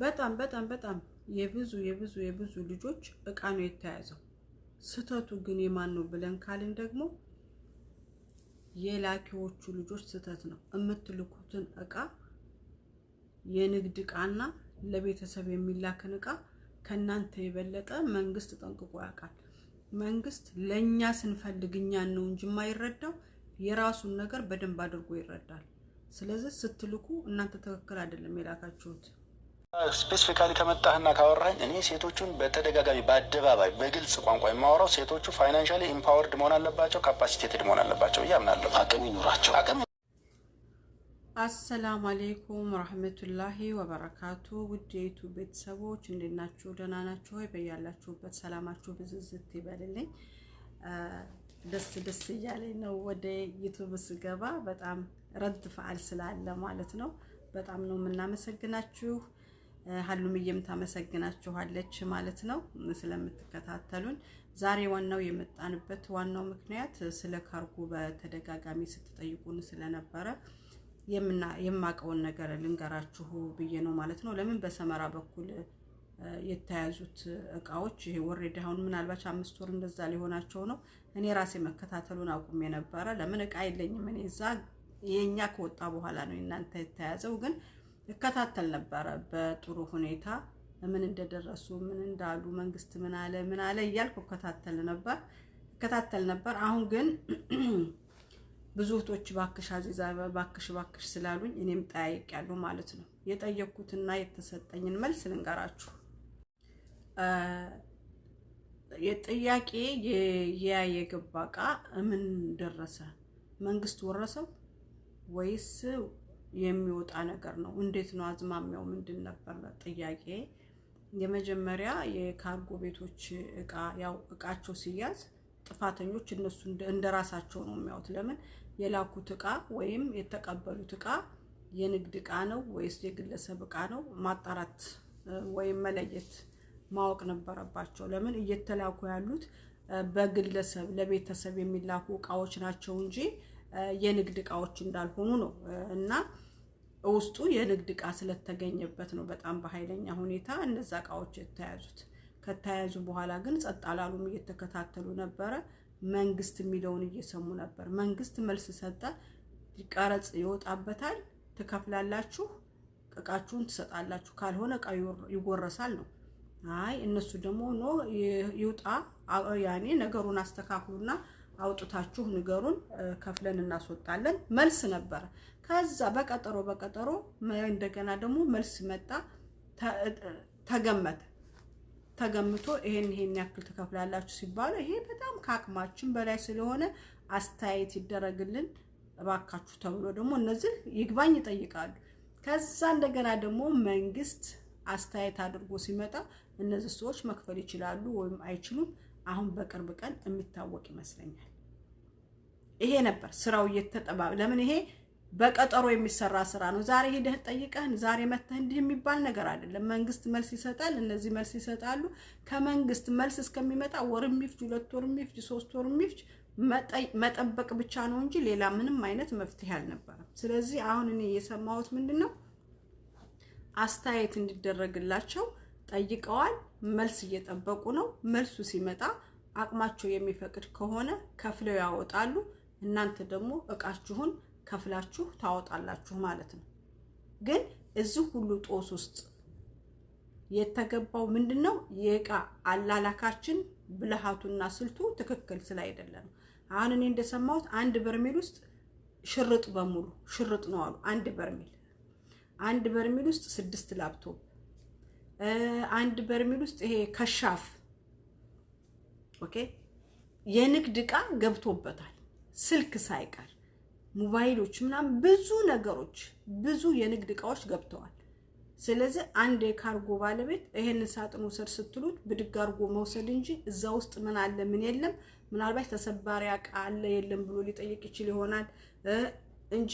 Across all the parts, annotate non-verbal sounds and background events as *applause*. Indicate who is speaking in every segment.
Speaker 1: በጣም በጣም በጣም የብዙ የብዙ የብዙ ልጆች እቃ ነው የተያዘው። ስህተቱ ግን የማን ነው ብለን ካልን ደግሞ የላኪዎቹ ልጆች ስህተት ነው። የምትልኩትን እቃ የንግድ እቃና ለቤተሰብ የሚላክን እቃ ከእናንተ የበለጠ መንግስት ጠንቅቆ ያውቃል። መንግስት ለእኛ ስንፈልግ እኛን ነው እንጂ የማይረዳው የራሱን ነገር በደንብ አድርጎ ይረዳል። ስለዚህ ስትልኩ እናንተ ትክክል አይደለም የላካችሁት።
Speaker 2: ስፔሲፊካሊ ከመጣህና ካወራኝ እኔ ሴቶቹን በተደጋጋሚ በአደባባይ በግልጽ ቋንቋ የማወራው ሴቶቹ ፋይናንሻሊ ኢምፓወርድ መሆን አለባቸው፣ ካፓሲቴትድ መሆን አለባቸው ብዬ አቅም ይኑራቸው።
Speaker 1: አሰላሙ አሌይኩም ረህመቱላሂ ወበረካቱ። ውድ ቤተሰቦች እንዴት ናችሁ? ደህና ናችሁ ሆይ? በያላችሁበት ሰላማችሁ ብዝዝት ይበልልኝ። ደስ ደስ እያለኝ ነው ወደ ዩቱብ ስገባ፣ በጣም ረድ ፈዓል ስላለ ማለት ነው። በጣም ነው የምናመሰግናችሁ ሀሉምዬም ታመሰግናችኋለች ማለት ነው ስለምትከታተሉን። ዛሬ ዋናው የመጣንበት ዋናው ምክንያት ስለ ካርጎ በተደጋጋሚ ስትጠይቁን ስለነበረ የማቀውን ነገር ልንገራችሁ ብዬ ነው ማለት ነው። ለምን በሰመራ በኩል የተያዙት እቃዎች ይሄ ወሬድ አሁን ምናልባት አምስት ወር እንደዛ ሊሆናቸው ነው። እኔ ራሴ መከታተሉን አቁም የነበረ ለምን እቃ የለኝም እኔ እዛ የእኛ ከወጣ በኋላ ነው እናንተ የተያዘው ግን እከታተል ነበረ በጥሩ ሁኔታ ምን እንደደረሱ ምን እንዳሉ መንግስት ምን አለ ምን አለ እያልኩ እከታተል ነበር እከታተል ነበር። አሁን ግን *clears throat* ብዙ እህቶች ባክሽ አዚዛ ባክሽ ባክሽ ስላሉኝ እኔም ጠያይቄያለሁ ማለት ነው። የጠየቅኩትና የተሰጠኝን መልስ ልንገራችሁ። የጥያቄ የያ የገባ እቃ ምን ደረሰ? መንግስት ወረሰው ወይስ የሚወጣ ነገር ነው። እንዴት ነው አዝማሚያው? ምንድን ነበር ጥያቄ። የመጀመሪያ የካርጎ ቤቶች እቃ ያው እቃቸው ሲያዝ ጥፋተኞች እነሱ እንደ ራሳቸው ነው የሚያዩት። ለምን የላኩት እቃ ወይም የተቀበሉት እቃ የንግድ እቃ ነው ወይስ የግለሰብ እቃ ነው ማጣራት ወይም መለየት ማወቅ ነበረባቸው። ለምን እየተላኩ ያሉት በግለሰብ ለቤተሰብ የሚላኩ እቃዎች ናቸው እንጂ የንግድ እቃዎች እንዳልሆኑ ነው እና ውስጡ የንግድ እቃ ስለተገኘበት ነው በጣም በኃይለኛ ሁኔታ እነዛ እቃዎች የተያዙት። ከተያዙ በኋላ ግን ጸጥ አላሉም፣ እየተከታተሉ ነበረ። መንግስት የሚለውን እየሰሙ ነበር። መንግስት መልስ ሰጠ። ቀረጽ ይወጣበታል፣ ትከፍላላችሁ፣ እቃችሁን ትሰጣላችሁ፣ ካልሆነ እቃ ይጎረሳል ነው። አይ እነሱ ደግሞ ኖ ይውጣ ያኔ ነገሩን አስተካክሉና አውጥታችሁ ንገሩን፣ ከፍለን እናስወጣለን መልስ ነበረ። ከዛ በቀጠሮ በቀጠሮ እንደገና ደግሞ መልስ መጣ። ተገመተ ተገምቶ ይሄን ይሄን ያክል ትከፍላላችሁ ሲባሉ ይሄ በጣም ከአቅማችን በላይ ስለሆነ አስተያየት ይደረግልን እባካችሁ ተብሎ ደግሞ እነዚህ ይግባኝ ይጠይቃሉ። ከዛ እንደገና ደግሞ መንግስት አስተያየት አድርጎ ሲመጣ እነዚህ ሰዎች መክፈል ይችላሉ ወይም አይችሉም። አሁን በቅርብ ቀን የሚታወቅ ይመስለኛል። ይሄ ነበር ስራው እየተጠባ ለምን ይሄ በቀጠሮ የሚሰራ ስራ ነው። ዛሬ ሄደህ ጠይቀህን ዛሬ መተህ እንዲህ የሚባል ነገር አይደለም። መንግስት መልስ ይሰጣል፣ እነዚህ መልስ ይሰጣሉ። ከመንግስት መልስ እስከሚመጣ ወር የሚፍጅ ሁለት ወር የሚፍጅ ሶስት ወር የሚፍጅ መጠበቅ ብቻ ነው እንጂ ሌላ ምንም አይነት መፍትሄ አልነበረም። ስለዚህ አሁን እኔ የሰማሁት ምንድን ነው አስተያየት እንዲደረግላቸው ጠይቀዋል። መልስ እየጠበቁ ነው። መልሱ ሲመጣ አቅማቸው የሚፈቅድ ከሆነ ከፍለው ያወጣሉ። እናንተ ደግሞ እቃችሁን ከፍላችሁ ታወጣላችሁ ማለት ነው። ግን እዚህ ሁሉ ጦስ ውስጥ የተገባው ምንድን ነው? የእቃ አላላካችን ብልሃቱና ስልቱ ትክክል ስላይደለም። አሁን እኔ እንደሰማሁት አንድ በርሜል ውስጥ ሽርጥ በሙሉ ሽርጥ ነው አሉ። አንድ በርሜል አንድ በርሜል ውስጥ ስድስት ላፕቶፕ አንድ በርሜል ውስጥ ይሄ ከሻፍ ኦኬ የንግድ ዕቃ ገብቶበታል። ስልክ ሳይቀር ሞባይሎች ምናምን ብዙ ነገሮች ብዙ የንግድ እቃዎች ገብተዋል። ስለዚህ አንድ የካርጎ ባለቤት ይሄንን ሳጥን ውሰድ ስትሉት ብድግ አርጎ መውሰድ እንጂ እዛ ውስጥ ምን አለ ምን የለም፣ ምናልባት ተሰባሪ እቃ አለ የለም ብሎ ሊጠይቅ ይችል ይሆናል እንጂ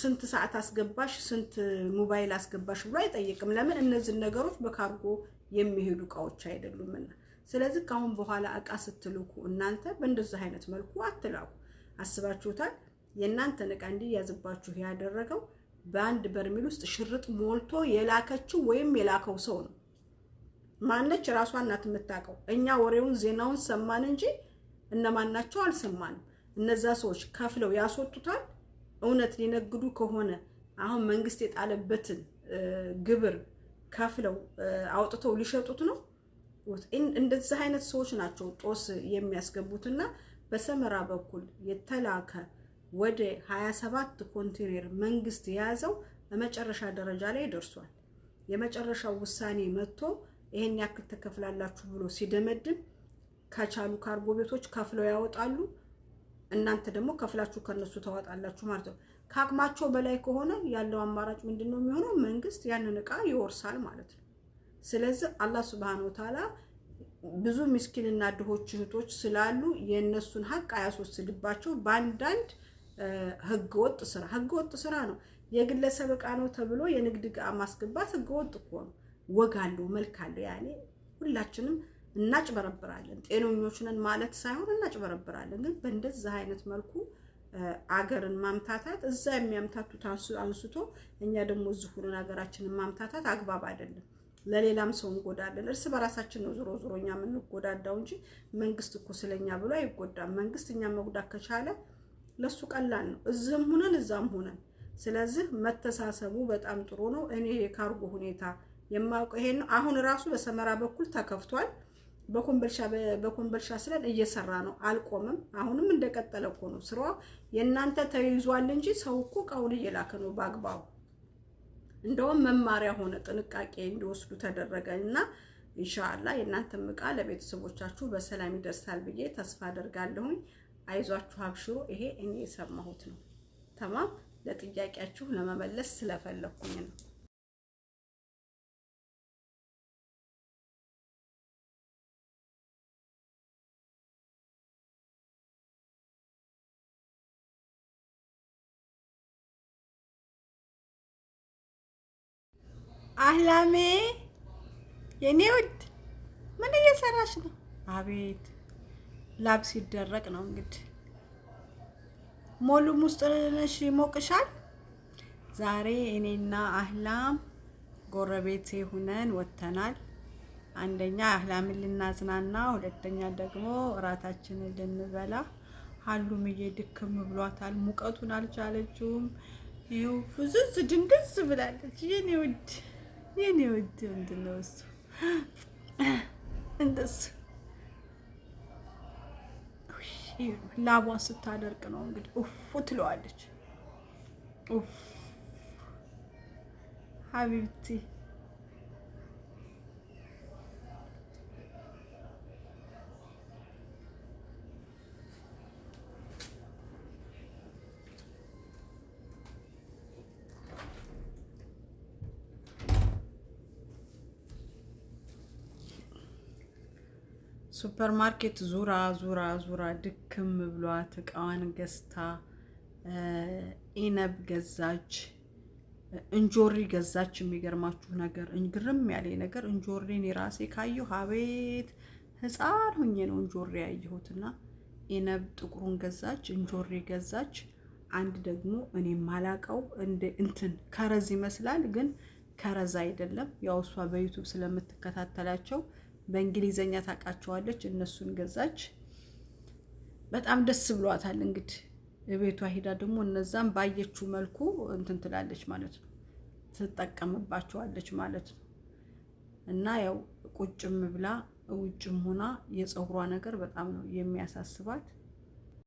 Speaker 1: ስንት ሰዓት አስገባሽ፣ ስንት ሞባይል አስገባሽ ብሎ አይጠይቅም። ለምን? እነዚህን ነገሮች በካርጎ የሚሄዱ እቃዎች አይደሉምና። ስለዚህ ከአሁን በኋላ እቃ ስትልኩ እናንተ በእንደዚህ አይነት መልኩ አትላኩ። አስባችሁታል? የእናንተን እቃ እንዲያዝባችሁ ያደረገው በአንድ በርሜል ውስጥ ሽርጥ ሞልቶ የላከችው ወይም የላከው ሰው ነው። ማነች? ራሷ እናት የምታውቀው። እኛ ወሬውን ዜናውን ሰማን እንጂ እነማናቸው አልሰማንም። እነዛ ሰዎች ከፍለው ያስወጡታል። እውነት ሊነግዱ ከሆነ አሁን መንግስት የጣለበትን ግብር ከፍለው አውጥተው ሊሸጡት ነው። እንደዚህ አይነት ሰዎች ናቸው ጦስ የሚያስገቡትና በሰመራ በኩል የተላከ ወደ 27 ኮንቴነር መንግስት የያዘው በመጨረሻ ደረጃ ላይ ደርሷል። የመጨረሻው ውሳኔ መጥቶ ይሄን ያክል ተከፍላላችሁ ብሎ ሲደመድም ከቻሉ ካርጎ ቤቶች ከፍለው ያወጣሉ። እናንተ ደግሞ ከፍላችሁ ከነሱ ታወጣላችሁ ማለት ነው። ከአቅማቸው በላይ ከሆነ ያለው አማራጭ ምንድን ነው የሚሆነው? መንግስት ያንን እቃ ይወርሳል ማለት ነው። ስለዚህ አላህ ስብሃነ ወተዓላ ብዙ ምስኪንና ድሆች እህቶች ስላሉ የእነሱን ሀቅ አያስወስድባቸው በአንዳንድ ህገወጥ ስራ ህገወጥ ስራ ነው። የግለሰብ እቃ ነው ተብሎ የንግድ እቃ ማስገባት ህገወጥ እኮ ነው። ወግ አለው፣ መልክ አለው። ያኔ ሁላችንም እናጭበረብራለን። ጤነኞች ነን ማለት ሳይሆን እናጭበረብራለን። ግን በእንደዚህ አይነት መልኩ አገርን ማምታታት እዛ የሚያምታቱት አንስቶ እኛ ደግሞ እዚህ ሀገራችንን ማምታታት አግባብ አይደለም። ለሌላም ሰው እንጎዳለን። እርስ በራሳችን ነው ዞሮ ዞሮ እኛ የምንጎዳዳው እንጂ መንግስት እኮ ስለኛ ብሎ አይጎዳም። መንግስት እኛ መጉዳት ከቻለ ለሱ ቀላል ነው፣ እዚህም ሆነን እዛም ሆነን። ስለዚህ መተሳሰቡ በጣም ጥሩ ነው። እኔ የካርጎ ሁኔታ የማውቀው ይሄን ነው። አሁን ራሱ በሰመራ በኩል ተከፍቷል። በኮምበልሻ በኮምበልሻ ስለን እየሰራ ነው፣ አልቆምም። አሁንም እንደቀጠለ እኮ ነው ስራው። የእናንተ ተይዟል እንጂ ሰው እኮ እቃውን እየላከ ነው በአግባቡ እንደውም መማሪያ ሆነ፣ ጥንቃቄ እንዲወስዱ ተደረገ እና ኢንሻአላህ የእናንተ ዕቃ ለቤተሰቦቻችሁ በሰላም ይደርሳል ብዬ ተስፋ አደርጋለሁኝ። አይዟችሁ አብሽሮ። ይሄ እኔ የሰማሁት ነው። ተማም ለጥያቄያችሁ ለመመለስ ስለፈለኩኝ ነው።
Speaker 3: አህላሜ የኔ ውድ ምን እየሰራሽ ነው?
Speaker 4: አቤት ላብ ሲደረቅ ነው እንግዲህ።
Speaker 3: ሞሉም ውስጥ ነሽ ይሞቅሻል። ዛሬ እኔና አህላም ጎረቤቴ ሁነን ወጥተናል። አንደኛ አህላምን ልናዝናና፣ ሁለተኛ ደግሞ እራታችንን ልንበላ። ሀሉምዬ ድክም ብሏታል፣ ሙቀቱን አልቻለችውም። ይኸው ፍዝዝ ድንግዝ ብላለች የኔ ውድ የኔ ወዲ ምንድን ነው እሱ እንደሱ ላቧን ስታደርቅ ነው እንግዲህ ኡፉ ትለዋለች ኡፍ ሀቢብቲ ሱፐር ማርኬት ዙራ ዙራ ዙራ ድክም ብሏት እቃዋን ገዝታ ኢነብ ገዛች፣ እንጆሪ ገዛች። የሚገርማችሁ ነገር ግርም ያለ ነገር እንጆሪን የራሴ ካየሁ አቤት ሕፃን ሁኜ ነው እንጆሪ ያየሁትና ኢነብ ጥቁሩን ገዛች፣ እንጆሪ ገዛች። አንድ ደግሞ እኔ ማላቀው እንትን ከረዝ ይመስላል፣ ግን ከረዝ አይደለም። ያው እሷ በዩቱብ ስለምትከታተላቸው በእንግሊዘኛ ታውቃቸዋለች። እነሱን ገዛች። በጣም ደስ ብሏታል። እንግዲህ ቤቷ ሄዳ ደግሞ እነዛም ባየችው መልኩ እንትን ትላለች ማለት ነው፣ ትጠቀምባቸዋለች ማለት ነው። እና ያው ቁጭም ብላ ውጭም ሆና የፀጉሯ ነገር በጣም ነው የሚያሳስባት።